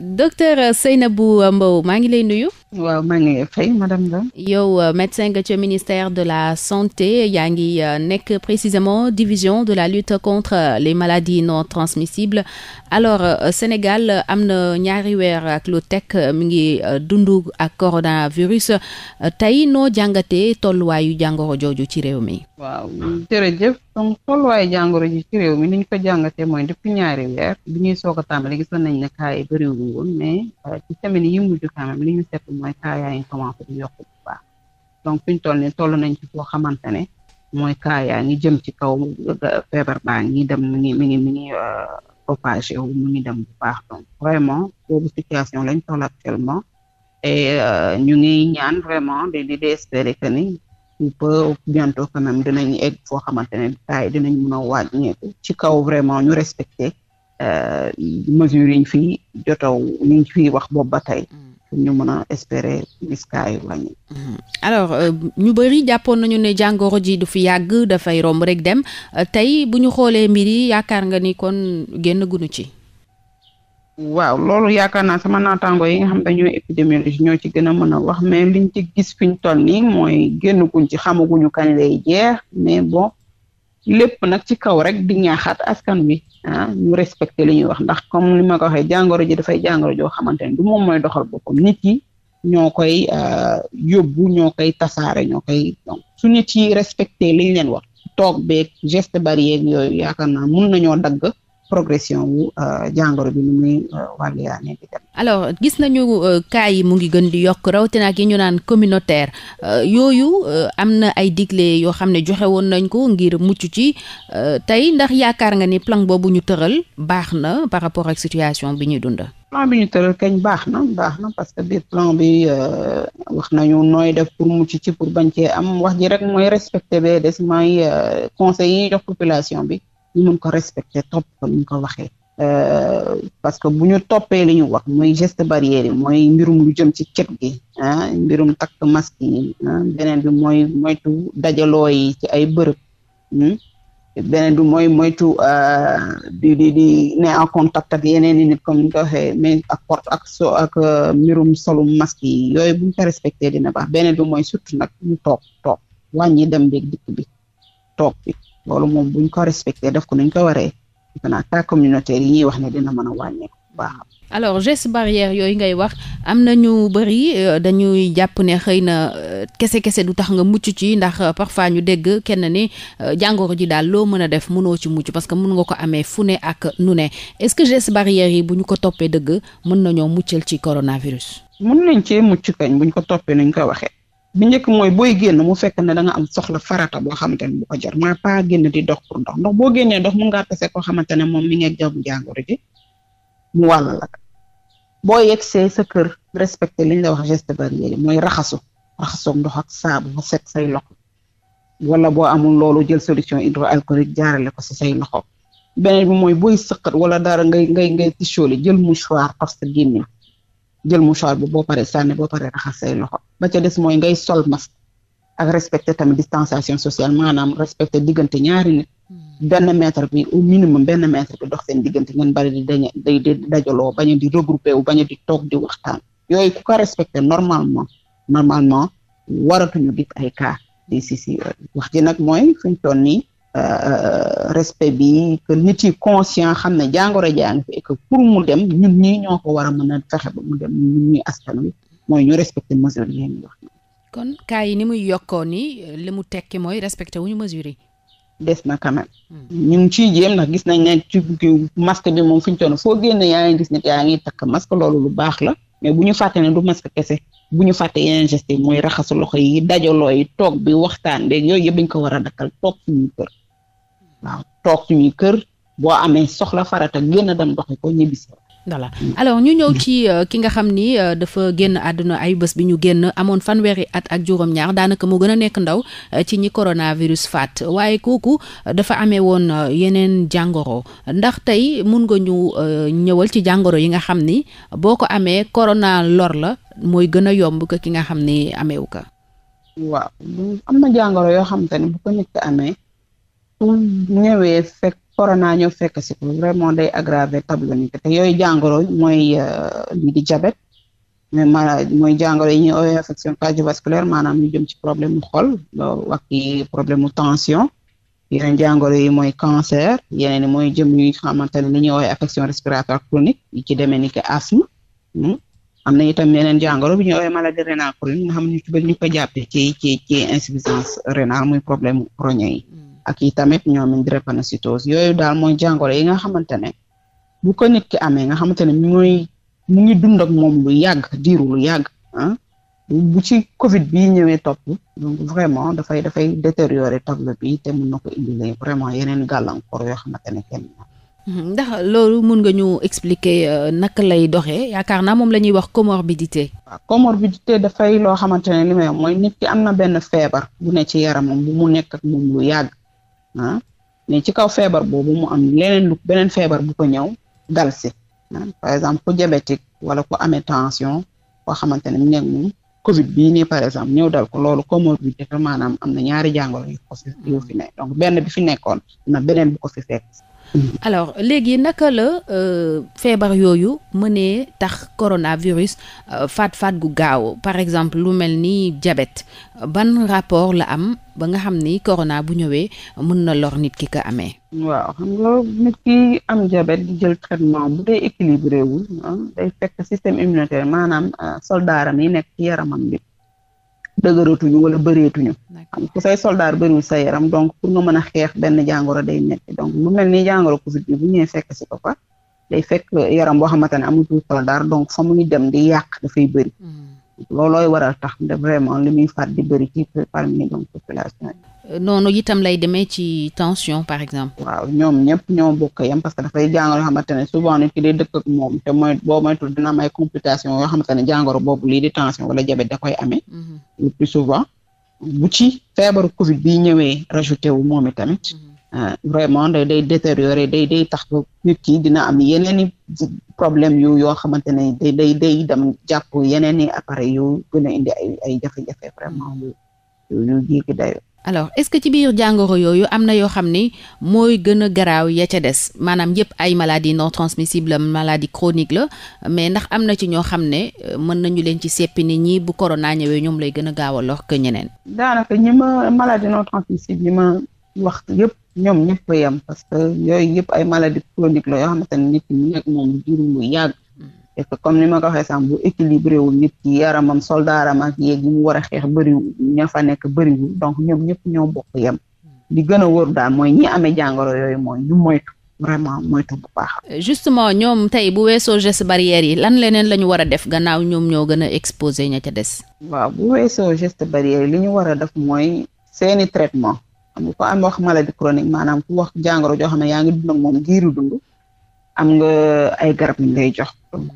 docteur Seynabou mbaw maa ngi lay nuyu. waaw ngi lay yow euh, médecin nga ci ministère de la santé yaa ngi euh, nekk précisément division de la lutte contre euh, les maladies non transmissibles alors Sénégal am na ñaari weer ak lu teg mi ngi dund ak coronavirus tey noo jàngatee tolluwaayu jàngoro jooju ci réew mi. waaw jërëjëf donc tolluwaay jàngoro ji ci réew mi ni ñu ko jàngatee mooy depuis ñaari weer bi ñuy soog a tàmbali gisoon nañ ne cas yi bëriwul woon mais euh, ci semaine yi mujj quand li ñu seetlu mooy cas yaa ngi commencé di yokku bu donc fi ñu toll nii toll nañ ci foo xamante ne mooy cas yaa ngi jëm ci kaw euh, feebar baa ngi dem mu ngi mi ngi mi ngi euh, propagé wu mu ngi dem bu baax donc vraiment boobu situation lañ toll actuellement et ñu ngi ñaan vraiment di di espérer que ni. ou bientôt quand même dinañ egg foo xamante ne taay dinañ mën a wàññeeku ci kaw vraiment ñu respecté euh, mesures yiñ fi jotaw ñu fi wax boobu ba tey mm. ñu mën a espérer miskaayu wàññi mm-hmm. alors euh, ñu bëri jàppoon nañu ne jàngoro ji du fi yàgg dafay romb rek dem tey bu ñu xoolee mbir yi yaakaar nga ni kon génn gunu ci waaw loolu yaakaar naa sama naataango yi nga xam ne ñooy épidémiologie ñoo ci gën a mën a wax mais liñ ci gis fiñ toll nii mooy génnaguñ ci xamaguñu kañ lay jeex mais bon lépp nag ci kaw rek di ñaaxaat askan wi ah ñu respecté li ñuy wax ndax comme li ma ko waxee jàngoro ji dafay jàngoro joo xamante ne du moom mooy doxal boppam nit yi ñoo koy euh, yóbbu ñoo koy tasaare ñoo koy donc su nit yi respecté liñ leen wax toog beeg geste barrière yooyu yaakaar naa mun nañoo dagg progression wu euh, jàngoro bi nu muy euh, wàlliyaane bi dem alors gis nañu euh, cas yi mu ngi gën di yokk rawatina ak yi ñu naan communautaire yooyu am na ay digle yoo xam ne joxe woon nañ ko ngir mucc ci tey ndax yaakaar nga ni plan boobu ñu tëral baax na par rapport ak situation bi ñuy dund plan bi ñu tëral kañ baax na baax na parce que biir plan bi wax nañu nooy def pour mucc ci pour bañ cee am wax ji rek mooy respecté bee des mooy conseils yi ñuy jox population bi ñu ko respecter topp ko ni ñu ko waxee euh, parce que bu ñu toppee li ñu wax mooy geste barrière yi mooy mbirum lu jëm ci cet gi ah mbirum takk masque yi ah, beneen bi mooy moytu dajaloo yi ci ay bërëb hmm? beneen bi mooy moytu euh, di di di ne en contact ak yeneen i nit comme ni ko waxee mais ak so ak euh, mbirum solum masque yi yooyu bu ko respecté dina baax beneen bi mooy surtout nag mu toog toog wàññi dem beeg dikk bi toog loolu moom bu buñ ko respecté def ko nuñ ko waree defe naa yi ñuy wax ne dina mën a wàññeeku baax alors geste barrière yooyu ngay wax am na ñu bëri euh, dañuy jàpp ne xëy na euh, kese kese du tax nga mucc ci ndax euh, parfois ñu dégg kenn ni jàngoro ji daal loo mën a def mënoo ci mucc parce que mun nga ko amee fu ne ak nu ne est-ce que geste barrière yi bu ñu ko toppee dëgg mën nañoo muccal ci coronavirus. mën nañ cee mucc kañ bu ñu ko toppee ñu ko waxee. mi njëkk mooy booy génn mu fekk ne danga am soxla farata boo xamante ne bu ko jar mooy pas génn di dox ndox boo génnee dox mun ngaa tase koo xamante ne moom mi ngi jabu jàngoro ji mu wàll la boo see sa kër respecté li ñu la wax geste barrière yi mooy raxasu raxasoog ndox ak saabu ba set say loxo wala boo amul loolu jël solution hydroalcoolique jaarale ko si say loxo beneen bi mooy booy sëqat wala dara ngay ngay ngay tichooli jël mouchoir parce que génn jël mouchoir bi boo paree sànni boo paree raxas say loxo ba ca des mooy ngay sol mas ak respecter tamit distanciation sociale maanaam respecter diggante ñaari nit hmm. benn mètre bi au minimum benn mètre bi dox seen diggante ngeen bari di dañ di dajaloo bañ a di regrouper wu bañ di toog di waxtaan yooyu ku ko respecter normalement normalement waratuñu gis ay cas di si si euh, wax ji nag mooy fi ñu toll nii Euh, euh, respect bi que nit yi conscient xam ne jàngoro jàng fi et que pour mu dem ñun ñii ñoo ko wara a mën a fexe ba mu dem ñun ñii askan wi mooy ñu respecté mesure yi kon cas yi ni muy yokkoo nii li mu tekki mooy respecté wuñu mesure des na quand même. Hmm. ñu ngi ciy jéem ndax gis nañ ne ci masque bi moom fi ñu toll foo génne yaa ngi gis nit yaa ngi takk masque loolu lu baax la mais bu ñu fàtte ne du masque kese bu ñu fàtte yeneen geste mooy raxasu loxo yi dajaloo yi toog bi waxtaan beeg yooyu yëpp dañ ko war a dakkal toog suñu kër. waaw toog suñuy kër boo amee soxla farata génn dem doxi ko ñibbisi voilà alors ñu ñëw ci euh, ki nga xam ni euh, dafa génn àdduna ay bés bi ñu génn amoon fanweeri at ak juróom-ñaar daanaka moo gën a nekk ndaw euh, ci ñi coronavirus faat waaye kooku dafa amee woon yeneen jàngoro ndax tey mun nga ñu ñëwal ci jàngoro yi nga xam ni boo ko amee corona lor la mooy gën a yomb ko ki nga xam ni ameewu ko. waaw am na jàngoro yoo xam te ne bu ko nit amee. su ñëwee fekk corona ñëw fekk si ko vraiment day aggraver tableau ni te yooyu jàngoro mooy euh, lii di diabète mais maanaam mooy jàngoro yi ñuy ooyee affection cardiovasculaire maanaam ñu jëm ci problème mu xol ak problème mu tension yeneen jàngoro yi mooy cancer yeneen mooy jëm yu xamante ne li ñuy ooyee affection respiratoire chronique yi ci demee ni que asthme hmm. am na itam yeneen jàngoro bi ñuy ooyee maladie rénale chronique nga xam ne ñu ci bëri ñu ko jàppee ci ci ci insuffisance rénale muy problème mu roño yi. Hmm. ak i tamit ñoom it drépanocytose yooyu daal mooy jàngoro yi nga xamante ne bu ko nit ki amee nga xamante ne mooy mu ngi dund ak moom lu yàgg diiru lu yàgg ah bu ci Covid bi ñëwee topp donc vraiment dafay dafay détériorer tableau bi te mun na ko indilee vraiment yeneen gàllankoor yoo xamante ne kenn. Mhm. ndax loolu mun nga ñu expliquer euh, naka lay doxe yaakaar naa moom la ñuy wax comorbidité. waaw comorbidité dafay loo xamante ne li may mooy nit ki am na benn feebar bu ne ci yaramam bu mu nekk ak moom lu yàgg ah mais ci kaw feebar boobu mu am leneen lu beneen feebar bu ko ñëw dal si ah, par exemple ku diabétique wala ku amee tension koo xamante ne mu nekk moom covid bii nii par exemple ñëw dal ko loolu comorbidité maanaam am na ñaari jàngoro yu ko fi yu ne donc benn bi fi nekkoon na beneen bu ko fi feek Mm. alors léegi naka la euh, feebar yooyu mënee tax coronavirus faat-faat euh, gu gaaw par exemple lu mel ni diabète ban rapport la am ba nga xam ni corona bu ñëwee mën na lor nit ki ko amee. waaw xam nga nit ki am diabète jël traitement bu dee équilibré ah, day fekk système immunitaire maanaam ah, soldaaram yi nekk yaramam bi. dëgëratuñu wala bëreetuñu xam ku say soldaar bëriwul sa yaram donc pour nga mën a xeex benn jàngoro day metti donc mu mel ni jàngoro covid bi bu ñëwee fekk si ko fa day yaram boo xamante ne amatul soldaar donc fa muy dem di yàq dafay bëri hmm. loolooy waral tax de vraiment li muy faat di bëri ci parmi donc population noonu itam lay demee ci tension par exemple. waaw ñoom ñëpp ñoom bokk yam parce que dafay jàngoro yoo xamante ne souvent nit ki day dëkk ak moom te mooy boo moytul dina am ay complications yoo xamante ne jàngoro boobu lii di tension wala jabet da koy amee. Mm-hmm. le plus ci feebar Covid bi ñëwee rajouté wu moom itamit. Mm-hmm. Euh, vraiment day day détérioré day day tax ba nit ki dina am yeneen i problème yu yoo xamante ne day day day dem jàpp yeneen i appareil yu gën a indi ay ay alors est-ce que ci biir jàngoro yooyu am na yoo xam ni mooy gën a garaaw ya ca des maanaam yëpp ay maladie non transmissible maladie chronique la mais ndax am na ci ñoo xam ne euh, mën nañu leen ci seppi ni ñii bu corona ñëwee ñoom lay gën a gaaw a ñeneen. daanaka ñi ma maladie non transmissible yi ma wax yëpp ñoom ñëpp yam parce que yooyu yëpp ay maladie chronique la yoo xamante ne nit ñi nekk moom jur yàgg. parce comme ni ma ko waxee sànq bu équilibré wul nit ki yaramam soldaaram ak yeeg yi mu war a xeex bëriwul ña fa nekk bëriwul donc ñoom ñëpp ñoo bokk yam li gën a wóor daal mooy ñi amee jàngoro yooyu mooy ñu moytu vraiment moytu bu baax. ñoom tey bu weesoo geste yi lan leneen la ñu war a def gannaaw ñoom ñoo gën a exposé ña ca des. waaw bu weesoo geste barrière yi li ñu war a def mooy seeni traitement xam ko am wax maladie chronique maanaam ku wax jàngoro joo xam ne yaa ngi dund ak moom giiru dund. am nga ay garab yi ngay jox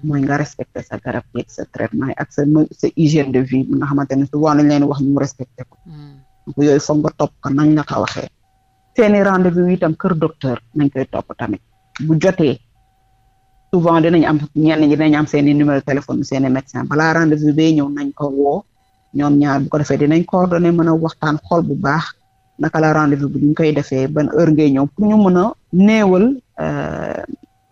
mooy nga respecté sa garab yeeg sa traitement yi ak sa sa hygiène de vie bi nga xamante ne souvent nañ leen wax ñu respecté ko hmm. donc yooyu foog nga topp ko nañ la ko waxee seeni rendez-vous itam kër docteur nañ koy topp tamit bu jotee souvent dinañ am ñenn ñi dinañ am seeni numéro téléphone seeni médecin balaa rendez-vous bee ñëw nañ ko woo ñoom ñaar bu ko defee dinañ coordonné mën a waxtaan xool bu baax naka la rendez-vous koy defee ban heure ngay ñëw pour ñu mën a néewal euh,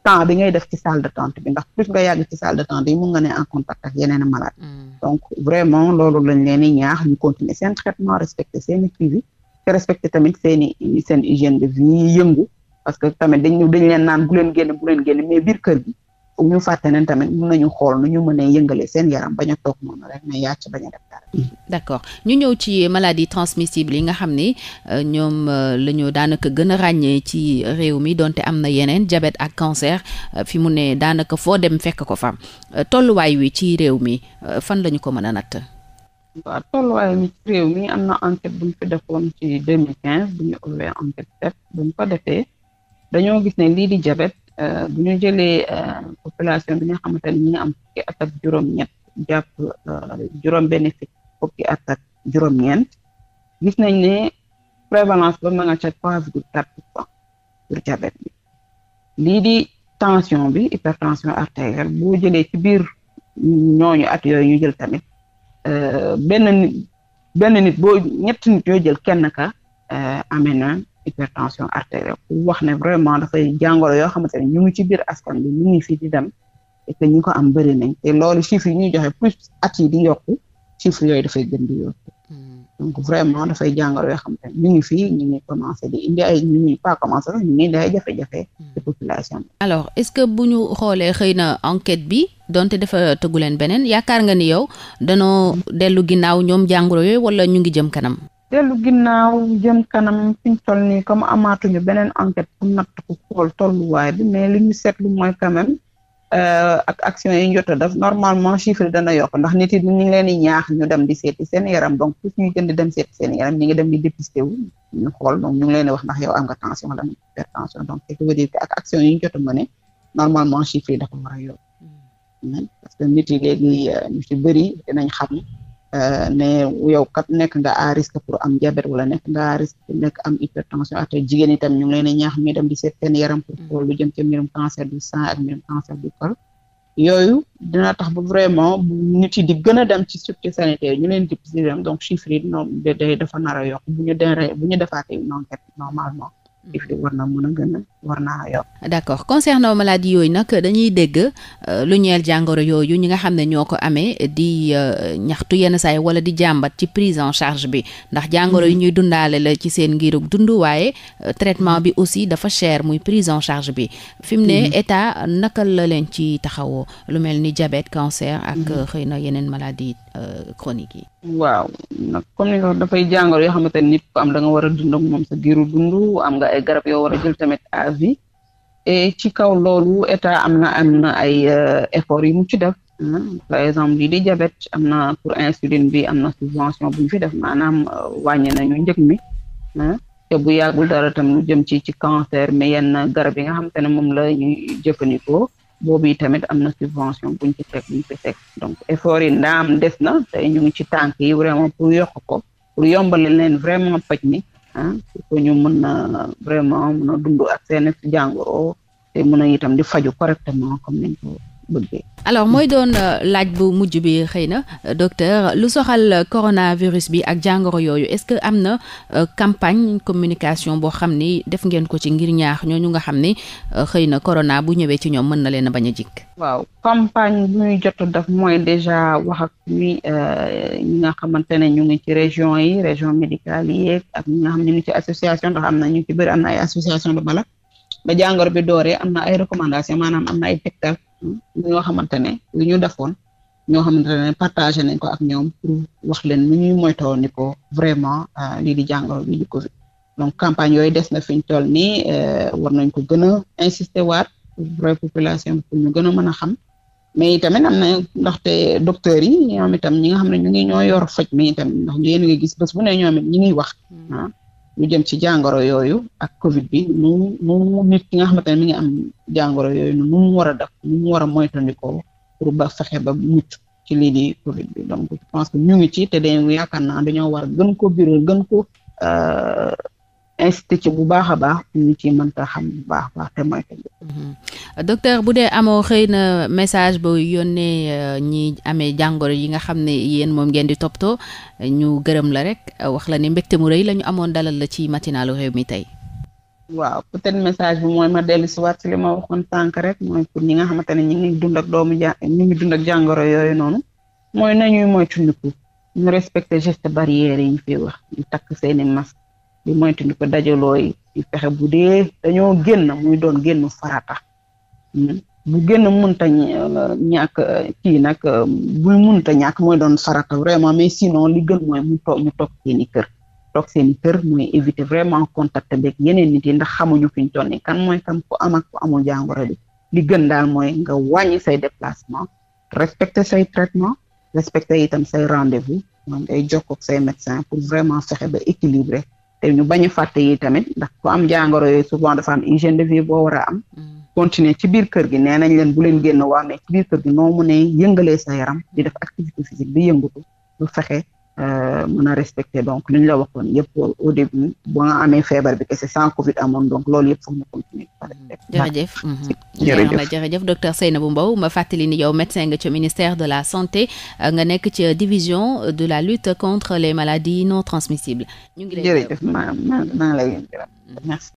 temps bi ngay ci salle de tente bi ndax plus nga yàgg ci salle de tente nga ne en contact ak yeneen malade donc vraiment loolu lañ leen di ñaax ñu continuer seen traitement respecter seen i suivi te respecter tamit seen i seen hygiène de vie ñuy yëngu parce que tamit dañ dañ leen naan bu leen génn bu leen génn mais biir kër gi ñu fàtte ne tamit mun nañu xool nu ñu mënee yëngale seen yaram bañ a toog noonu rek mais yàcc bañ a def dara. d'accord ñu ñëw ci maladie transmissible yi nga xam ni euh, ñoom euh, la ñu daanaka gën a ràññee ci réew mi donte am na yeneen diabète ak cancer euh, fi mu ne daanaka foo dem fekk ko fa tolluwaay wi ci réew mi fan lañu ko mën a natt. waaw tolluwaay mi ci réew mi am na enquête bu fi defoon ci deux mille quinze bu ñu ubbee enquête bu defee dañoo gis ne lii di diabète Euh, bu ñu jëlee euh, population bi nga xamante ni ñi am fukki at ak juróom-ñett euh, juróom-benn fukki at ak juróom-ñeent gis nañ ne prévalence bo ma nga ca trois virgule quatre pour cent pour diabète bi lii di tension bi hypertension artérielle boo jëlee ci biir ñooñu at yooyu ñu jël tamit benn nit boo ñett nit yoo jël kenn ka amee hypertension artérielle pour wax ne vraiment dafay jàngoro yoo xamante ne ñu ngi ci biir askan bi ñu ngi fi di dem et que ñu ko am bëri nañ loolu chiffres ñuy joxe plus at yi di yokku chiffres yooyu dafay gën di mm. vraiment dafay jàngoro yoo xamante ne ñu ngi fii ñu ngi commencé di indi ay ñu ngi pas commencé ñu jafe-jafe ci mm. population bi alors est-ce que bu ñu xoolee xëy na enquête bi donte dafa tëggu leen beneen yaakaar nga ni yow danoo mm. dellu ginnaaw ñoom jàngoro yooyu wala ñu ngi jëm kanam dellu ginnaaw jëm kanam fi ñu toll nii comme amaatuñu beneen enquête pour natt ko xool tolluwaay bi mais li ñu seetlu mooy quand même euh, ak action yi ñu jot a def normalement chiffre dana yokk ndax nit yi ñu ngi leen di ñaax ñu dem di seeti seen yaram donc plus gën di dem seeti seen yaram ngi dem di dépister wu ñu xool donc ñu ngi leen di wax ndax yow am nga tension wala hypertension donc ce qui veut dire que ak action yi ñu jot a normalement chiffre dafa war a mm. parce que nit yi ni euh, ñu ci bëri dinañ xam. Eh, ne yow kat nekk nga a risque pour am diabète wala nekk nga à risque pour am hypertension ak jigéen tam ñu ngi leen a ñaax ñu dem di seet seen yaram pour mm. xool lu jëm ci mbirum cancer du sang ak mbirum cancer du col yooyu dina tax ba vraiment nit yi di gën a dem ci structure sanitaire ñu leen di dem donc chiffre yi noonu day dafa nar a yokk bu ñu dee bu ñu defaatee une enquête normalement Mmh. if di war na war naa yokk d'accord concernant maladie yooyu nag dañuy dégg euh, lu ñeel jàngoro yooyu ñi nga xam ne ñoo ko amee di euh, ñaxtu yenn saay wala di jàmbat ci prise en charge bi ndax jàngoro yi mmh. ñuy dundaale la ci seen ngirug dund waaye euh, traitement mmh. bi aussi dafa cher muy prise en charge bi fi mu ne état nakal la leen ci taxawoo lu mel ni diabète cancer ak xëy na yeneen maladie yi chronique yi. waaw nag comme ni nga dafay jàngoro yoo xamante ni ko am da nga war a dund moom sa giiru dund am nga ay garab yoo war a jël tamit à vie ci kaw loolu état am na am na ay euh, efforts yu mu ci def par exemple lii di diabète am na pour insuline bi am na subvention bu ñu fi def maanaam euh, wàññi nañu njëg mi te bu yàggul dara tam lu jëm ci ci cancer mais yenn garab yi nga xamante ne moom la ñu jëfandikoo. boobu yi tamit am na subvention buñ ci teg buñ ci teg donc effort yi ndaam des na te ñu ngi ci tànk yi vraiment pour yokk ko pour yomba yombal leen vraiment paj mi ah pour que ñu mën na vraiment mën a dund ak seen jàngoro te mun a itam di faju correctement comme niñ ko alors mooy doon euh, laaj bu mujj bi xëy na euh, docteur lu soxal euh, coronavirus bi ak jàngoro yooyu est-ce que am na campagne communication boo xam ni def ngeen ko ci ngir ñaax ñooñu nga xam ni xëy na corona bu ñëwee ci ñoom mën na leen a bañ a jikk waaw campagne bu ñuy jot def mooy déjà wax ak ñi ñi nga xamante ne ñu ngi ci région yi région médicale yi ak ñi nga xam ñu ci association ndax am na ñu ci bëri am na ay association de malade ba jàngoro bi dooree am na ay recommandation maanaam am na ay tegtal ñoo xamante ne li ñu defoon ñoo xamante ne partagé nañ ko ak ñoom wax leen nu ñuy moytoo ni ko vraiment euh, lii di jàngoro bi di Covid donc campagne yooyu des na fi ñu toll nii euh, war nañ ko gën a insister waat vraie population pour ñu gën a mën a xam mais tamit am na ndaxte docteurs yi ñoom itam ñi nga xam ne ñu ngi ñoo yor faj mi itam ndax yéen gis bés bu ne ñoom it wax hmm. ah. lu jëm ci jàngoro yooyu ak Covid bi nu mu nit ki nga xamante ne mi ngi am jàngoro yooyu nu mu war a def war a moytandikoo pour ba fexe ba mucc ci lii di Covid bi donc je que ñu ngi ci te dañu yaakaar naa dañoo war a gën ko biral gën ko euh, incité ci bu baax a baax pour ñu ci mënta xam bu baax baax te mooy ko mhm. docteur bu dee amoo xëy na message ba yónnee euh, ñi amee jàngoro yi nga xam ne yéen moom ngeen di toppatoo ñu gërëm la rek wax la ne mbégte mu rëy lañu amoon dalal la ci matinalu réew mi tey waaw peut-être message bi mooy ma dellu si waat si li ma waxoon tànk rek mooy pour ñi nga xamante ne ñu ngi dund ak doomu ja ñu ngi dund ak jàngoro yooyu noonu mooy nañuy moytu ñu respecté geste barrière yi ñu fi wax ñu takk seeni masque di moytundi ko dajaloo yi bu dee dañoo génn muy doon génn farata hmm? bu génn munta euh, ñàkk euh, kii nag euh, bu munta ñàkk mooy doon farata vraiment mais sinon li gën mooy mu toog ñu toog seeni kër toog seeni kër mooy éviter vraiment contact beeg yeneen nit yi ndax xamuñu fi ñu toll nii kan mooy kan ku am ak ku amul jàngoro bi li gën daal mooy nga wàññi say déplacement respecter say traitement respecter itam say rendez-vous mooy ngay jokkoog say médecin pour vraiment fexe ba équilibré te ñu bañ a fàtte yi ku am jàngoro yooyu souvent dafa am de vie boo war am. Mm. continuer ci biir kër gi nee nañ leen bu leen génn waa biir kër gi noo mu ne yëngalee sa yaram di def activité physique di yëngatu lu fexe Euh, mën a respecté donc lu ñu la waxoon yëpp au début boo nga amee feebar bi kese sans Covid amoon donc loolu yëpp foog ñu continuer mm-hmm. Mm-hmm. jërëjëf jërëjëf jërëjëf docteur Seynabou Mbow ma fàttali ni yow médecin nga ca ministère de la santé euh, nga nekk ci division de la lutte contre les maladies non transmissibles ñu ngi lay jërëjëf maa maa